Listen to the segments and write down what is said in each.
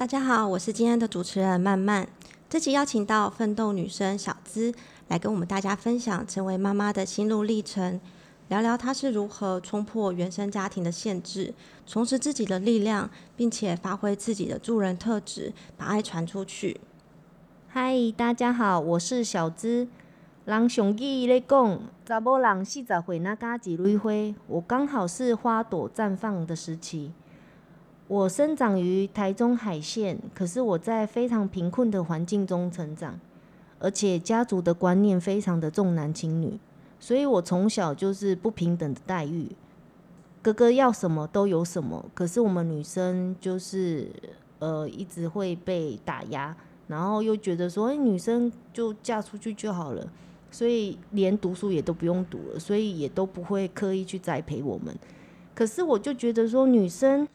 大家好，我是今天的主持人曼曼。這期邀請到奮鬥女聲小姿來跟我們大家分享成為媽媽的心路歷程，聊聊她是如何衝破原生家庭的限制，重拾自己的力量，並且發揮自己的助人特質，把愛傳出去。嗨，大家好，我是小姿。人上句在講，查某人四十歲那加一朵花，我剛好是花朵綻放的時期。我生長於台中海線，可是我在非常貧困的環境中成長，而且家族的觀念非常的重男輕女，所以我從小就是不平等的待遇。哥哥要什麼都有什麼，可是我們女生就是呃一直會被打壓，然後又覺得說，誒、哎、女生就嫁出去就好了，所以連讀書也都不用讀了，所以也都不會刻意去栽培我們。可是我就覺得說，女生。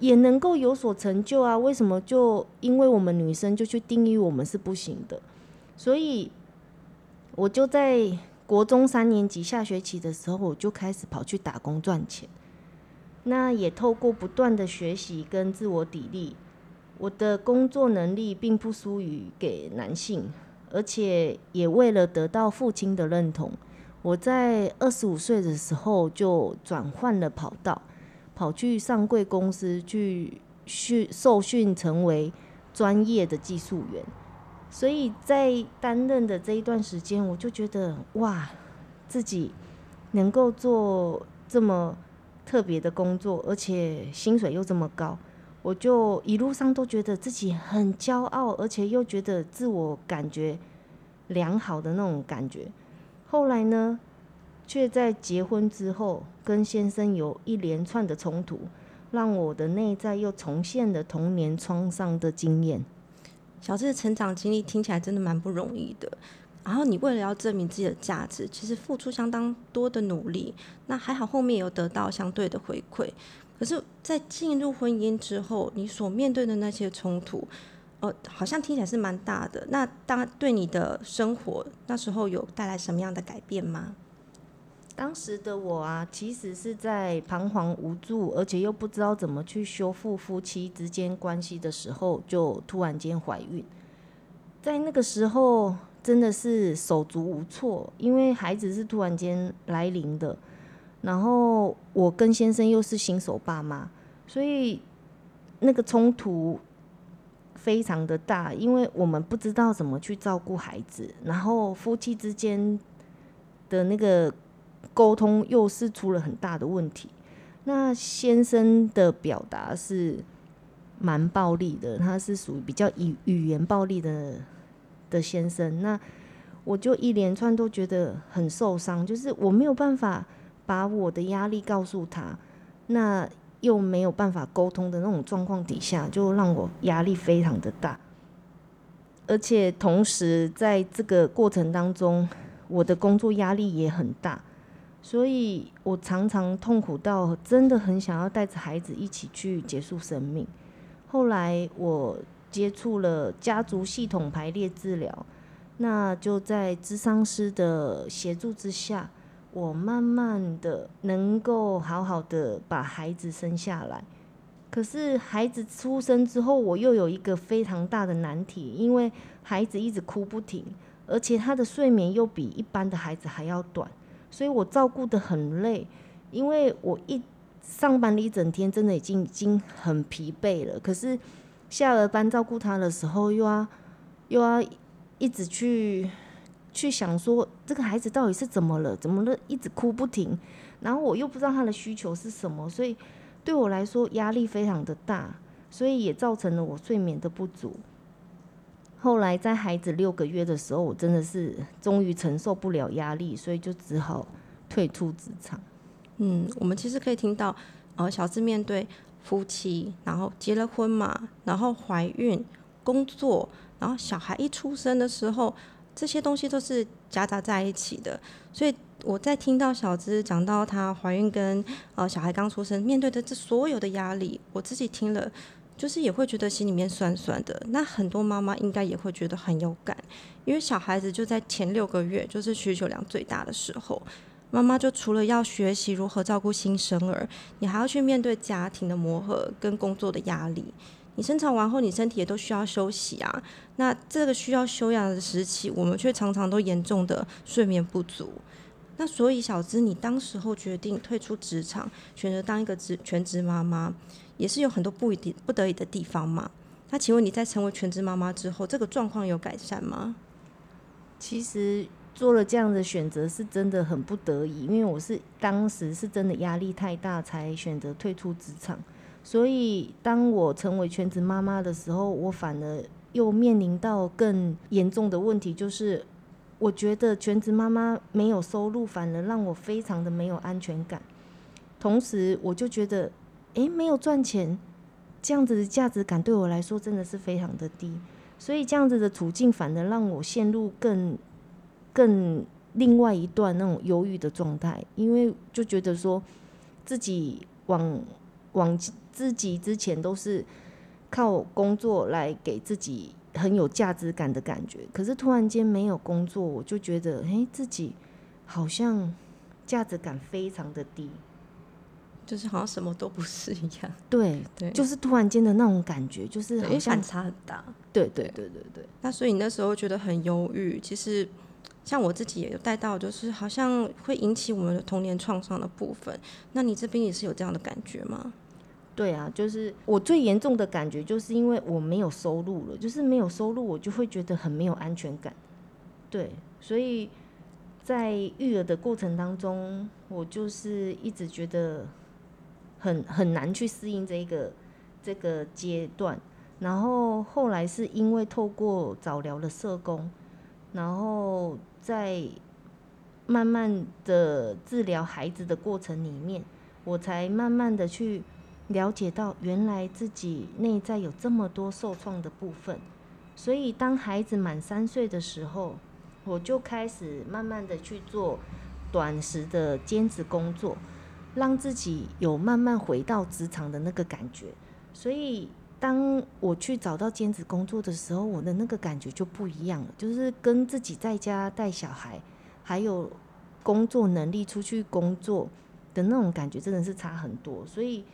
也能夠有所成就啊，為什麼就因為我們女生就去定義我們是不行的？所以我就在國中三年級下學期的時候，我就開始跑去打工賺錢。那也透過不斷的學習跟自我砥礪，我的工作能力並不輸於給男性，而且也為了得到父親的認同，我在二十五歲的時候就轉換了跑道。跑去上櫃公司去訓受訓，成為專業的技術員。所以在擔任的這一段時間，我就覺得哇，自己能夠做這麼特別的工作，而且薪水又這麼高，我就一路上都覺得自己很驕傲，而且又覺得自我感覺良好的那種感覺。後來呢，卻在結婚之後跟先生有一連串的衝突，讓我的內在又重現了童年創傷的經驗。小姿的成長經歷聽起來真的蠻不容易的。然後你為了要證明自己的價值，其實付出相當多的努力。那還好後面有得到相對的回饋。可是，在進入婚姻之後，你所面對的那些衝突，呃，好像聽起來是蠻大的。那當對你的生活那時候有帶來什麼樣的改變嗎？當時的我啊，其實是在彷徨無助，而且又不知道怎麼去修復夫妻之間關係的時候，就突然間懷孕。在那個時候，真的是手足無措，因為孩子是突然間來臨的，然後我跟先生又是新手爸媽，所以那個衝突非常的大，因為我們不知道怎麼去照顧孩子，然後夫妻之間的那個。溝通又是出了很大的問題。那先生的表達是蠻暴力的，他是屬於比較以語言暴力的的先生。那我就一連串都覺得很受傷，就是我沒有辦法把我的壓力告訴他，那又沒有辦法溝通的那種狀況底下，就讓我壓力非常的大。而且同時在這個過程當中，我的工作壓力也很大。所以我常常痛苦到真的很想要帶着孩子一起去結束生命。後來我接觸了家族系統排列治療，那就在諮商師的協助之下，我慢慢的能夠好好的把孩子生下來。可是孩子出生之後，我又有一個非常大的難題，因為孩子一直哭不停，而且他的睡眠又比一般的孩子還要短。所以我照顧得很累，因為我一上班一整天，真的已經已經很疲憊了。可是下了班照顧他的時候，又要又要一直去去想說這個孩子到底是怎麼了，怎麼了一直哭不停，然後我又不知道他的需求是什麼，所以對我來說壓力非常的大，所以也造成了我睡眠的不足。後來在孩子六個月的時候，我真的是終於承受不了壓力，所以就只好退出職場。嗯，我們其實可以聽到，呃，小姿面對夫妻，然後結了婚嘛，然後懷孕、工作，然後小孩一出生的時候，這些東西都是夾雜在一起的。所以我在聽到小姿講到她懷孕跟呃小孩剛出生，面對的這所有的壓力，我自己聽了。就是也會覺得心裡面酸酸的，那很多媽媽應該也會覺得很有感，因為小孩子就在前六個月就是需求量最大的時候，媽媽就除了要學習如何照顧新生兒，你還要去面對家庭的磨合跟工作的壓力，你生產完後你身體也都需要休息啊，那這個需要休養的時期，我們卻常常都嚴重的睡眠不足，那所以小姿，你當時候決定退出職場，選擇當一個職全職媽媽。也是有很多不一定不得已的地方嘛。那請問你在成為全職媽媽之後，這個狀況有改善嗎？其實做了這樣的選擇是真的很不得已，因為我是當時是真的壓力太大才選擇退出職場。所以當我成為全職媽媽的時候，我反而又面臨到更嚴重的問題，就是我覺得全職媽媽沒有收入，反而讓我非常的沒有安全感。同時，我就覺得。誒，沒有賺錢，這樣子的價值感對我來說真的是非常的低，所以這樣子的處境反而讓我陷入更更另外一段那種憂鬱的狀態，因為就覺得說自己往往自己之前都是靠工作來給自己很有價值感的感覺，可是突然間沒有工作，我就覺得，誒，自己好像價值感非常的低。就是好像什麼都不是一樣，對對，對就是突然間的那種感覺，就是很反差很大，對對對對對。對，那所以你那時候覺得很憂鬱，其實像我自己也有帶到，就是好像會引起我們的童年創傷的部分。那你這邊也是有這樣的感覺嗎？對啊，就是我最嚴重的感覺，就是因為我沒有收入了，就是沒有收入，我就會覺得很沒有安全感。對，所以在育兒的過程當中，我就是一直覺得。很很難去適應這個這個階段，然後後來是因為透過早療的社工，然後在慢慢的治療孩子的過程裡面，我才慢慢的去了解到，原來自己內在有這麼多受創的部分，所以當孩子滿三歲的時候，我就開始慢慢的去做短時的兼職工作。讓自己有慢慢回到職場的那個感覺，所以當我去找到兼職工作的時候，我的那個感覺就不一樣了，就是跟自己在家帶小孩，還有工作能力出去工作的那種感覺，真的是差很多。所以，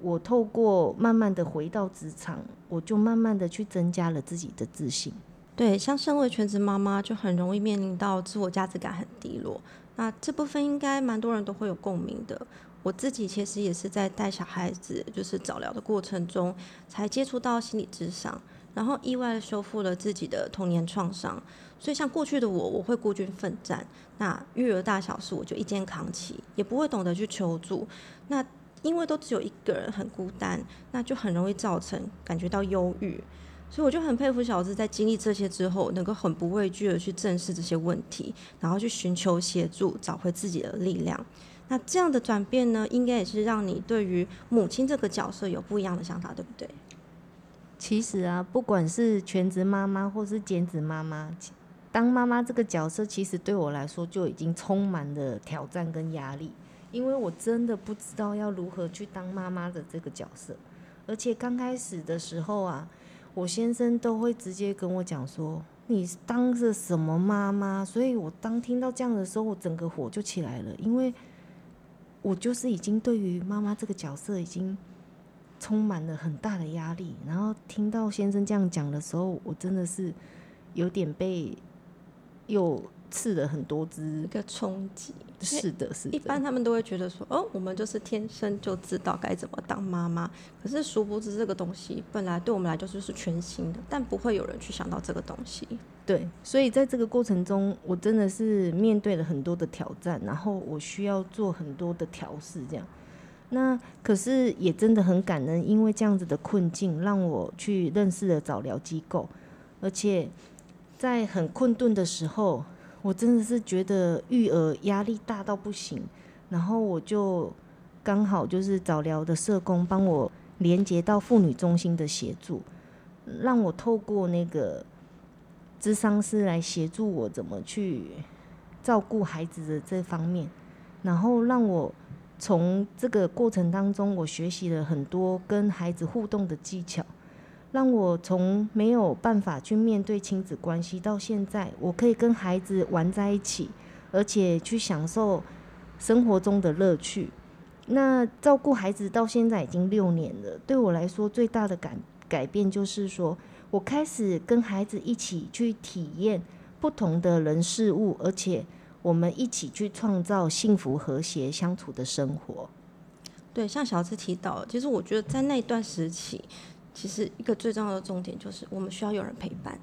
我透過慢慢的回到職場，我就慢慢的去增加了自己的自信。對，像身為全職媽媽，就很容易面臨到自我價值感很低落。啊，這部分應該蠻多人都會有共鳴的。我自己其實也是在帶小孩子，就是早療的過程中，才接觸到心理諮商，然後意外地修復了自己的童年創傷。所以像過去的我，我會孤軍奮戰，那育兒大小事我就一肩扛起，也不會懂得去求助。那因為都只有一個人，很孤單，那就很容易造成感覺到憂鬱。所以我就很佩服小姿在經歷這些之後，能夠很不畏懼的去正視這些問題，然後去尋求協助，找回自己的力量。那這樣的轉變呢，應該也是讓你對於母親這個角色有不一樣的想法，對不對？其實啊，不管是全職媽媽或是兼職媽媽，當媽媽這個角色，其實對我來說就已經充滿了挑戰跟壓力，因為我真的不知道要如何去當媽媽的這個角色，而且剛開始的時候啊。我先生都會直接跟我講說：“你當着什麼媽媽？”所以，我當聽到這樣的時候，我整個火就起來了，因為我就是已經對於媽媽這個角色已經充滿了很大的壓力。然後聽到先生這樣講的時候，我真的是有點被又。刺了很多隻一個衝擊是的，是的。一般他們都會覺得說，哦，我們就是天生就知道該怎麼當媽媽。可是殊不知，這個東西本來對我們來講就是全新的，但不會有人去想到這個東西。對，所以在這個過程中，我真的是面對了很多的挑戰，然後我需要做很多的調試，這樣。那可是也真的很感恩，因為這樣子的困境讓我去認識了早療機構，而且在很困頓的時候。我真的是覺得育兒壓力大到不行，然後我就剛好就是早療的社工幫我連接到婦女中心的協助，讓我透過那個諮商師來協助我怎麼去照顧孩子的這方面，然後讓我從這個過程當中，我學習了很多跟孩子互動的技巧。讓我從沒有辦法去面對親子關係，到現在我可以跟孩子玩在一起，而且去享受生活中的樂趣。那照顧孩子到現在已經六年了，對我來說最大的改改變就是說，我開始跟孩子一起去體驗不同的人事物，而且我們一起去創造幸福和諧相處的生活。對，像小姿提到，其實我覺得在那段時期，其實一個最重要的重點就是，我們需要有人陪伴，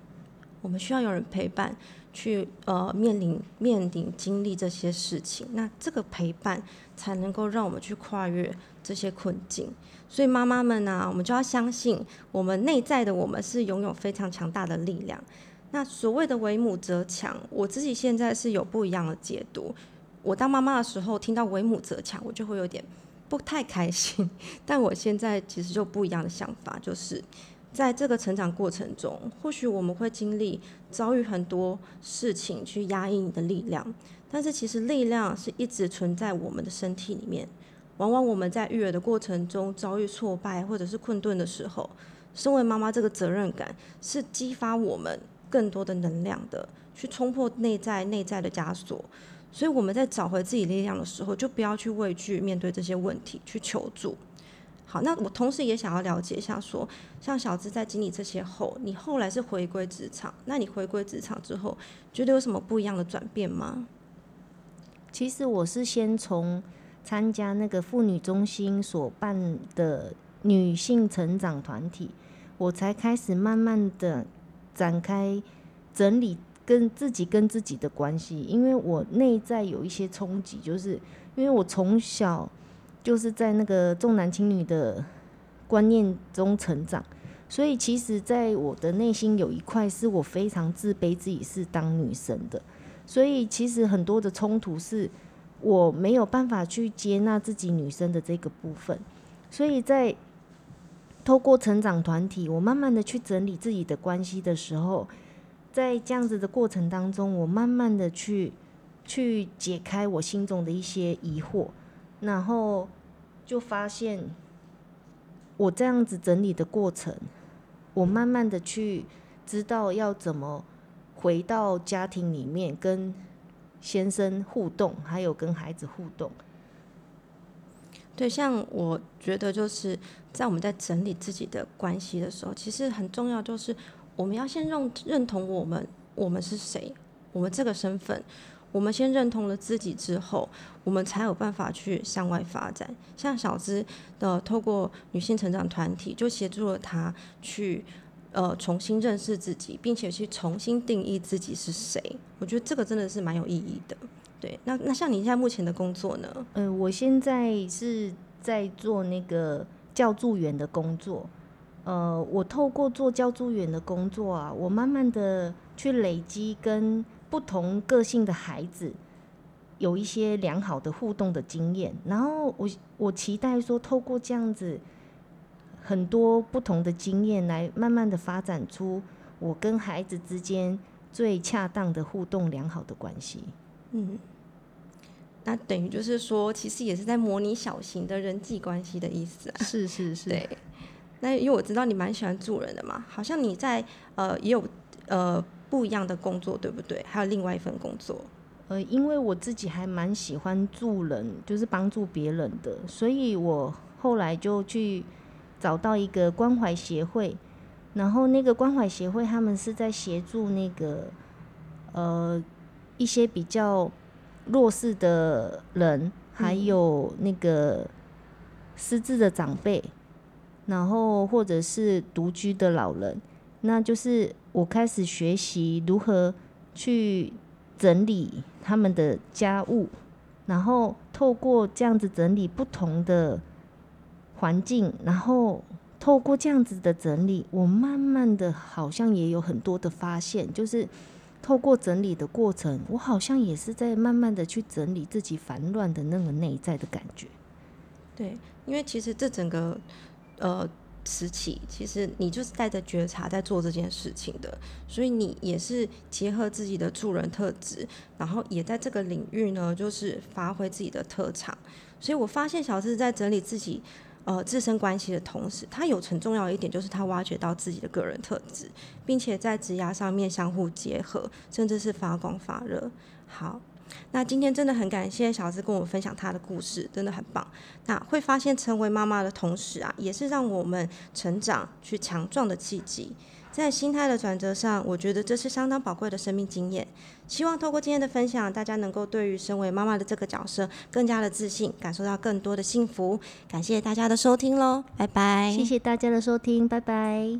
我們需要有人陪伴去呃面臨面臨經歷這些事情，那這個陪伴才能夠讓我們去跨越這些困境。所以媽媽們呢、啊，我們就要相信我們內在的我們是擁有非常強大的力量。那所謂的為母則強，我自己現在是有不一樣的解讀。我當媽媽的時候，聽到為母則強，我就會有點。不太開心，但我現在其實就不一樣的想法，就是在這個成長過程中，或許我們會經歷遭遇很多事情去壓抑你的力量，但是其實力量是一直存在我們的身體裡面。往往我們在育兒的過程中遭遇挫敗或者是困頓的時候，身為媽媽這個責任感是激發我們更多的能量的，去衝破內在內在的枷鎖。所以我們在找回自己力量的時候，就不要去畏懼面對這些問題，去求助。好，那我同時也想要了解一下說，像小姿在經歷這些後，你後來是回歸職場，那你回歸職場之後，覺得有什麼不一樣的轉變嗎？其實我是先從參加那個婦女中心所辦的女性成長團體，我才開始慢慢的展開整理。跟自己跟自己的關係，因為我內在有一些衝擊，就是因為我從小就是在那個重男輕女的觀念中成長，所以其實在我的內心有一塊是我非常自卑，自己是當女生的，所以其實很多的衝突是我沒有辦法去接納自己女生的這個部分，所以在透過成長團體，我慢慢的去整理自己的關係的時候。在這樣子的過程當中，我慢慢的去去解開我心中的一些疑惑，然後就發現我這樣子整理的過程，我慢慢的去知道要怎麼回到家庭裡面跟先生互動，還有跟孩子互動。對，像我覺得就是在我們在整理自己的關係的時候，其實很重要就是。我們要先認認同我們，我們是誰，我們這個身份，我們先認同了自己之後，我們才有辦法去向外發展。像小姿的、呃，透過女性成長團體，就協助了她去，呃，重新認識自己，並且去重新定義自己是誰。我覺得這個真的是蠻有意義的。對，那那像你現在目前的工作呢？嗯、呃，我現在是在做那個教助員的工作。呃，我透過做教助員的工作啊，我慢慢的去累積跟不同個性的孩子有一些良好的互動的經驗，然後我我期待說，透過這樣子很多不同的經驗，來慢慢的發展出我跟孩子之間最恰當的互動良好的關係。嗯，那等於就是說，其實也是在模擬小型的人際關係的意思啊。是是是，對。那因為我知道你蠻喜歡助人的嘛，好像你在呃，也有呃不一樣的工作對不對？還有另外一份工作。呃，因為我自己還蠻喜歡助人，就是幫助別人的，所以我後來就去找到一個關懷協會，然後那個關懷協會他們是在協助那個呃一些比較弱勢的人，還有那個失智的長輩。嗯然後，或者是獨居的老人，那就是我開始學習如何去整理他們的家務，然後透過這樣子整理不同的環境，然後透過這樣子的整理，我慢慢的好像也有很多的發現，就是透過整理的過程，我好像也是在慢慢的去整理自己煩亂的那個內在的感覺。對，因為其實這整個。呃，時期其實你就是帶着覺察在做這件事情的，所以你也是結合自己的助人特質，然後也在這個領域呢，就是發揮自己的特長。所以我發現小姿在整理自己呃自身關係的同時，他有很重要一點就是他挖掘到自己的個人特質，並且在職涯上面相互結合，甚至是發光發熱。好。那今天真的很感謝小姿跟我分享他的故事，真的很棒。那會發現成為媽媽的同時啊，也是讓我們成長、去強壯的契機。在心態的轉折上，我覺得這是相當寶貴的生命經驗。希望透過今天的分享，大家能夠對於身為媽媽的這個角色更加的自信，感受到更多的幸福。感謝大家的收聽嘍，拜拜！謝謝大家的收聽，拜拜。